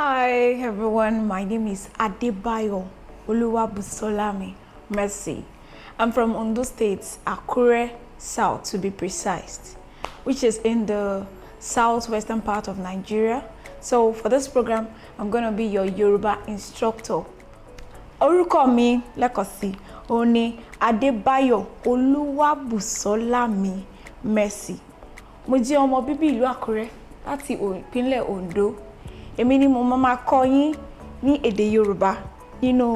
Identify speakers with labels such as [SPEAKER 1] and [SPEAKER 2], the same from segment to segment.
[SPEAKER 1] Hi everyone, my name is Adebayo Oluwabusolami Mercy. I'm from Ondo State, Akure South to be precise, which is in the southwestern part of Nigeria. So for this program, I'm going to be your Yoruba instructor. Orúkọ mi lẹ́kọ̀ọ́sí òun ni Adébáyọ̀ Olúwàbùsọ́lámi Mercy. Mo jẹ́ ọmọ bíbí ìlú Àkúrẹ́ láti ìpínlẹ̀ Ondo èmi ni mo máa kọ́ yín ní èdè Yorùbá nínú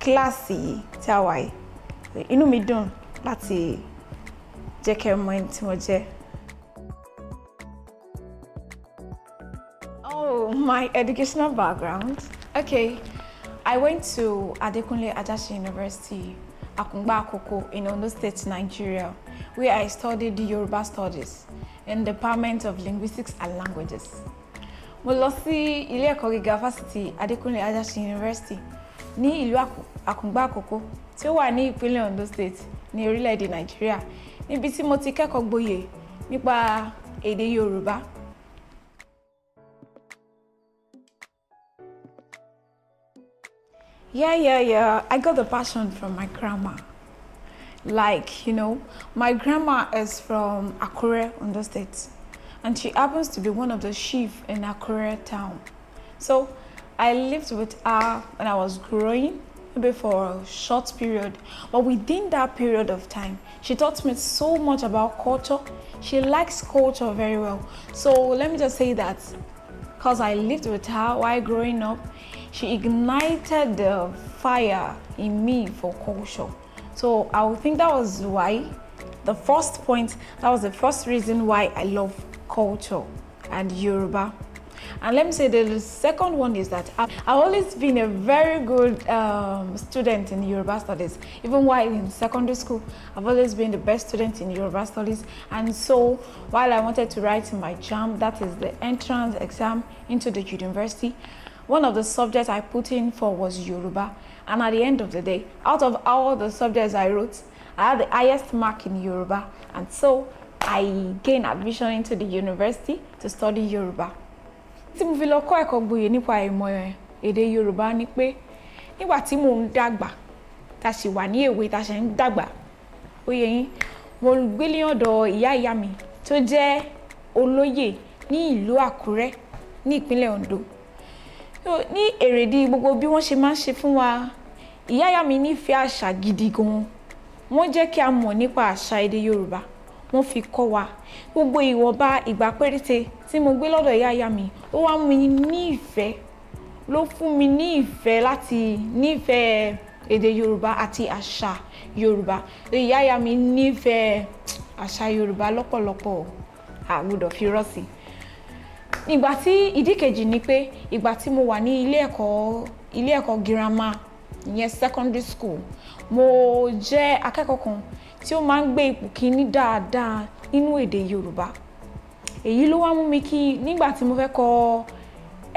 [SPEAKER 1] kíláàsì yìí tí a wà yìí inú mi dùn láti jẹ́ kẹ́ mọ ẹni tí mo jẹ́. Oh, my educational background. Okay, I went to Adekunle Ajasin University, Akungba Akoko, in Ondo State, Nigeria, where I studied Yoruba studies in the Department of Linguistics and Languages mo lọ sí ilé ẹ̀kọ́ gíga fásitì Adékúnlé Ajáṣin University ní ìlú Àkùngbá Àkókó tí ó wà ní ìpínlẹ̀ Ondo State ní orílẹ̀-èdè Nàìjíríà níbi tí mo ti kẹ́kọ̀ọ́ gboyè nípa èdè Yorùbá. Yeah, yeah, yeah. I got the passion from my grandma. Like, you know, my grandma is from Akure, Ondo State. and she happens to be one of the chief in her career town. So I lived with her when I was growing, maybe for a short period. But within that period of time, she taught me so much about culture. She likes culture very well. So let me just say that because I lived with her while growing up, she ignited the fire in me for culture. So I would think that was why the first point, that was the first reason why I love culture, and Yoruba. And let me say the second one is that I've always been a very good um, student in Yoruba studies. Even while in secondary school, I've always been the best student in Yoruba studies. And so while I wanted to write my JAM, that is the entrance exam into the university, one of the subjects I put in for was Yoruba. And at the end of the day, out of all the subjects I wrote, I had the highest mark in Yoruba. And so I gained admission into the university to study Yoruba. Tí mo fi lọ kọ́ ẹ̀kọ́ gboyè nípa ìmọ̀ èdè Yorùbá ni pé nígbà tí mò ń dàgbà ta sì wà ní èwe ta ṣe ń dàgbà ó yẹ yín mo gbé ní ọ̀dọ̀ ìyá ìyá mi tó jẹ́ olóyè ní ìlú Àkúrẹ́ ní ìpínlẹ̀ Ondo ní èrèdí gbogbo bí wọ́n ṣe máa ń ṣe fún wa ìyá ìyá mi nífẹ̀ẹ́ àṣà gidi gan wọ́n jẹ́ kí a mọ̀ nípa àṣà èdè Yorùbá wọ́n fi kọ́ wa gbogbo ìwọ̀nba ìgbà péréte tí mo gbé lọ́dọ̀ ìyá ìyá mi ó wá mú mi ní ìfẹ́ ló fún mi ní ìfẹ́ láti nífẹ̀ẹ́ èdè Yorùbá àti àṣà Yorùbá ìyá ìyá mi nífẹ̀ẹ́ àṣà Yorùbá lọ́pọ̀lọpọ̀ àgbọ́dọ̀ fi rọ́ sí ìgbà tí ìdí kejì ni pé ìgbà tí mo wà ní ilé ẹ̀kọ́ ilé ẹ̀kọ́ girama ìyẹn secondary school mo jẹ́ akẹ́kọ̀ọ́ kan tí ó máa ń gbé ipò kíní dáadáa nínú èdè Yorùbá èyí ló wá mú mi kí nígbà tí mo fẹ́ kọ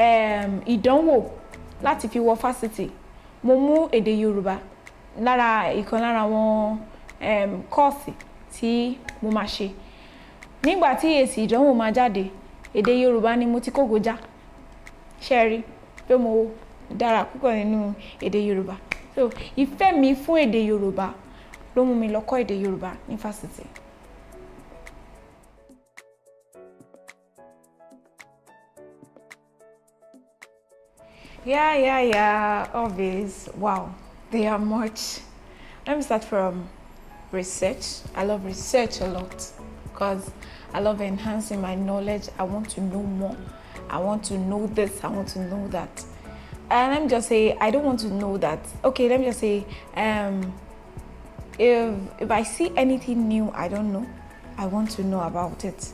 [SPEAKER 1] um, ìdánwò láti fi wọ fásitì mo mú èdè Yorùbá lára ìkan lára àwọn um, ehm, kọ́ọ̀sì tí mo máa ṣe nígbà tí èsì ìdánwò máa jáde èdè Yorùbá ni mo ti kógo já ṣe rí pé mo dára púpọ̀ nínú èdè Yorùbá so ìfẹ́ mi fún èdè Yorùbá ló mú mi Yorùbá university. Yeah, yeah, yeah, obvious. Wow, they are much. Let me start from research. I love research a lot because I love enhancing my knowledge. I want to know more. I want to know this. I want to know that. And let me just say, I don't want to know that. Okay, let me just say, um, if, if I see anything new I don't know, I want to know about it.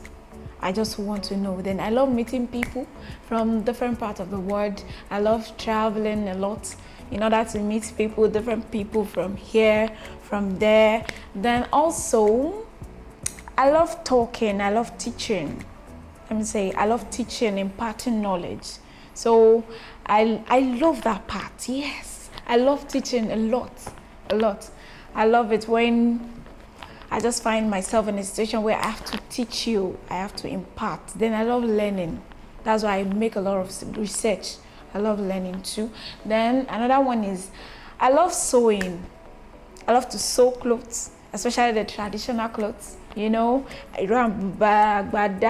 [SPEAKER 1] I just want to know. Then I love meeting people from different parts of the world. I love traveling a lot in order to meet people, different people from here, from there. Then also, I love talking, I love teaching. Let me say, I love teaching, imparting knowledge. So I, I love that part, yes. I love teaching a lot, a lot. I love it when I just find myself in a situation where I have to teach you, I have to impart. Then I love learning. That's why I make a lot of research. I love learning too. Then another one is I love sewing. I love to sew clothes, especially the traditional clothes. You know, ramba, bag,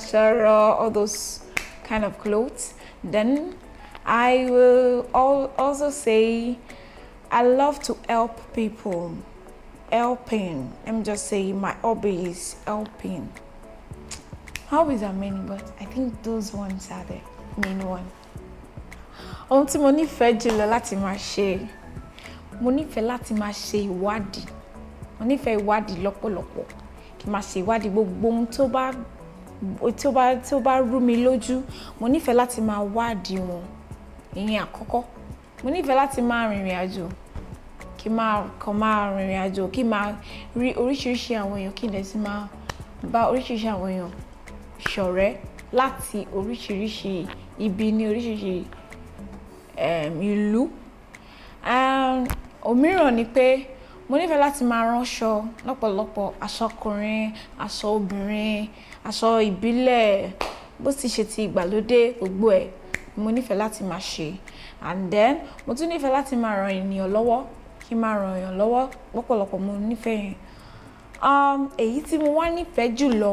[SPEAKER 1] shara, all those kind of clothes. Then I will also say I love to help people. Helping. Let me just say, my hobby is helping. Hobbies are many, but I think those ones are the main one. Ohun tí mo nífẹ̀ẹ́ jùlọ láti máa ṣe. Mo nífẹ̀ẹ́ láti máa ṣe ìwádìí. Mo nífẹ̀ẹ́ ìwádìí lọ́pọ̀lọpọ̀. Kí máa ṣe ìwádìí gbogbo ohun tó bá tó bá tó bá rú mi lójú. Mo nífẹ̀ẹ́ láti máa wádìí wọn. Ìyẹn àkọ́kọ́. Mo nífẹ̀ẹ́ láti máa rìnrìn àjò kí máa kàn máa rìnrìn àjò kí máa rí oríṣiríṣi àwọn èèyàn kí n dẹ̀ sì máa bá oríṣiríṣi àwọn èèyàn ṣọ̀rẹ́ láti oríṣiríṣi ibi ní oríṣiríṣi ìlú òmíràn ni pé mo nífẹ̀ẹ́ láti máa ránṣọ lọ́pọ̀lọpọ̀ aṣọ ọkùnrin aṣọ obìnrin aṣọ ìbílẹ̀ bó ti ṣe ti ìgbàlódé gbogbo ẹ̀ mo nífẹ̀ẹ́ láti máa ṣe and then mo tún nífẹ̀ẹ́ láti máa ran ènìyàn lọ́wọ́ kí n máa ràn yàn lọ́wọ́ pọ̀pọ̀lọpọ̀ mo nífẹ̀ẹ́ yẹn um, èyí tí mo wá nífẹ̀ẹ́ jùlọ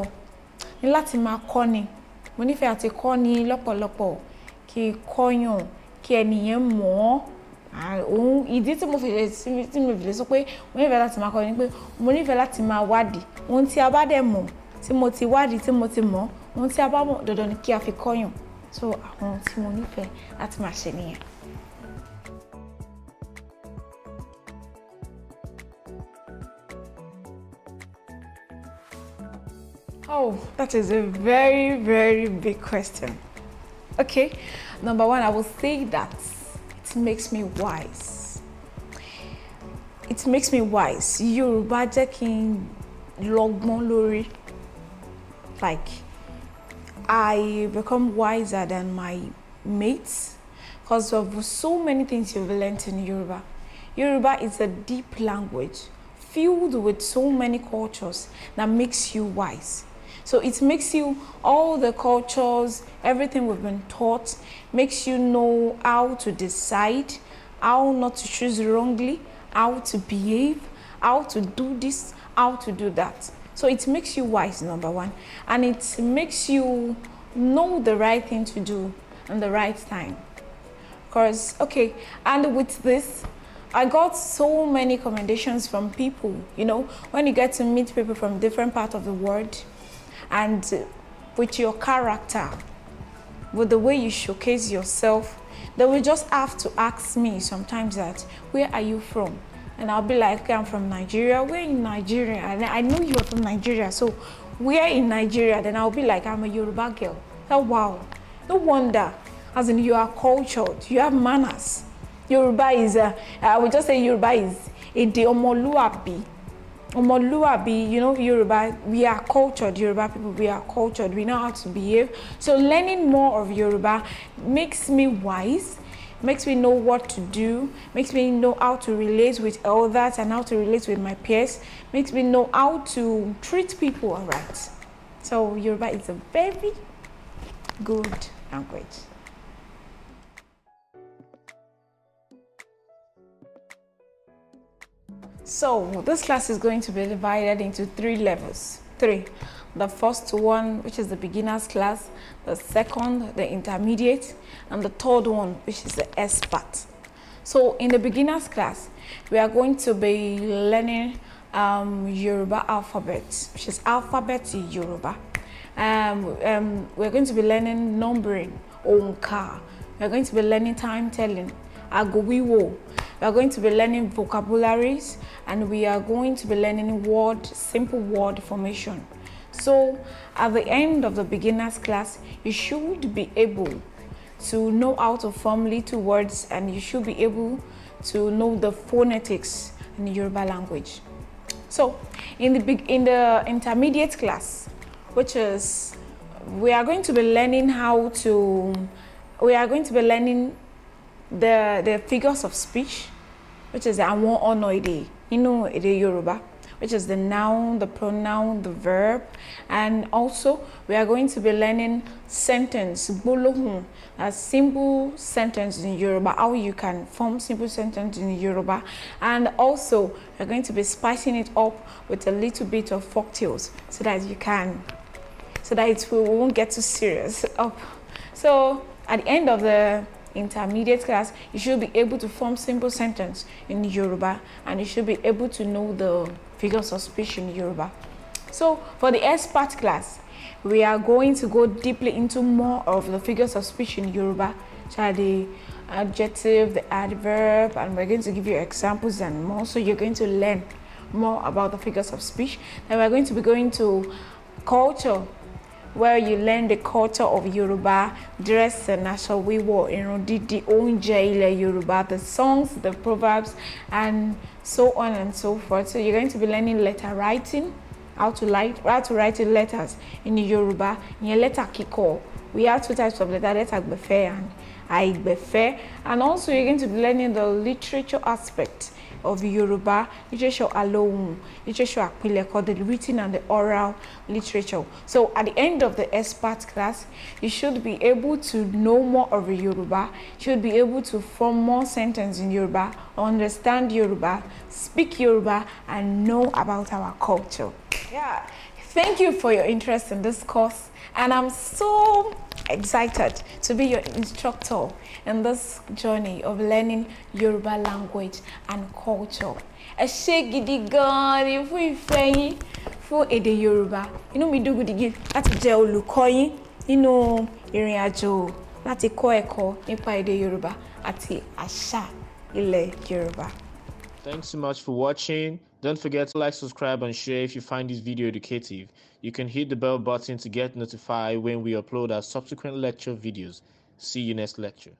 [SPEAKER 1] ni láti máa kọ́ni mo nífẹ̀ẹ́ àti kọ́ni lọ́pọ̀lọpọ̀ kí kọ́yàn kí ẹnìyẹn mọ̀ ọ́ ah, òun ìdí tí mo fi lè tí mo fi lè sọ pé mo nífẹ̀ẹ́ láti máa kọ́ni ni pé mo nífẹ̀ẹ́ láti máa wádìí ohun tí a bá dẹ̀ mọ̀ tí mo ti wádìí tí mo ti mọ̀ ohun tí a bá mọ̀ dandan ni kí a fi kọ́yàn so àwọn tí mo nífẹ̀ẹ́ láti máa ṣe nìyẹn. Oh, that is a very, very big question. Okay, number one, I will say that it makes me wise. It makes me wise. Yorùbá jẹ́ kí n lọ́gbọ́n lórí. Like, I become wiser than my mates because of so many things you've learned in Yoruba. Yoruba is a deep language filled with so many cultures that makes you wise. So it makes you, all the cultures, everything we've been taught, makes you know how to decide, how not to choose wrongly, how to behave, how to do this, how to do that. So it makes you wise, number one. And it makes you know the right thing to do and the right time. Because, okay, and with this, I got so many commendations from people. You know, when you get to meet people from different parts of the world, and with your character, with the way you showcase yourself, they will just have to ask me sometimes that, where are you from? And I'll be like, I'm from Nigeria. Where in Nigeria? And I know you're from Nigeria, so where in Nigeria? Then I'll be like, I'm a Yoruba girl. Oh, wow. No wonder. As in, you are cultured. You have manners. Yoruba is, uh, I would just say Yoruba is, in the Omoluabi be, you know, Yoruba, we are cultured, Yoruba people, we are cultured. We know how to behave. So learning more of Yoruba makes me wise, makes me know what to do, makes me know how to relate with elders and how to relate with my peers, makes me know how to treat people all right. So Yoruba is a very good language. So this class is going to be divided into three levels. Three. The first one, which is the beginner's class, the second, the intermediate, and the third one, which is the expert. So in the beginner's class, we are going to be learning um, Yoruba alphabet, which is alphabet Yoruba. Um, um, we're going to be learning numbering, onka. We're going to be learning time telling, agowiwo. We are going to be learning vocabularies and we are going to be learning word, simple word formation. So at the end of the beginner's class, you should be able to know how to form little words and you should be able to know the phonetics in the Yoruba language. So in the, in the intermediate class, which is we are going to be learning how to we are going to be learning the, the figures of speech, which is àwọn ọ̀nà èdè nínú èdè Yorùbá, which is the noun, the pronoun, the verb. And also, we are going to be learning sentence, gbólóhùn, a simple sentence in Yoruba, how you can form simple sentence in Yoruba. And also, we're going to be spicing it up with a little bit of folk tales so that you can, so that it will, won't get too serious up. So, at the end of the intermediate class, you should be able to form simple sentence in Yoruba and you should be able to know the figures of speech in Yoruba. So for the expert class, we are going to go deeply into more of the figures of speech in Yoruba, such the adjective, the adverb, and we're going to give you examples and more. So you're going to learn more about the figures of speech. Then we're going to be going to culture where you learn the culture of Yoruba, dressing, aṣọ wíwọ̀, irun the own ilẹ̀ Yoruba, the songs, the proverbs, and so on and so forth. So you're going to be learning letter writing, how to write, how to write letters in Yoruba, your letter kíkọ. We have two types of letter, letter befe and befe. And also you're going to be learning the literature aspect of Yoruba, literature alone, literature called the written and the oral literature. So at the end of the expert class, you should be able to know more of Yoruba, should be able to form more sentences in Yoruba, understand Yoruba, speak Yoruba, and know about our culture. Yeah, thank you for your interest in this course. And I'm so excited to be your instructor in this journey of learning Yoruba language and culture. Ẹ ṣé gidi gan-an ni fún ìfẹ́ yín fún èdè Yorùbá. Inú mi dùn gidigidi láti jẹ́ olùkọ́ yín nínú ìrìn àjò láti kọ́ ẹ̀kọ́ nípa èdè Yorùbá àti àṣà ilẹ̀ Yorùbá. Thanks so much for watching. Don't forget to like, subscribe and share if you find this video educative. You can hit the bell button to get notified when we upload our subsequent lecture videos. See you next lecture.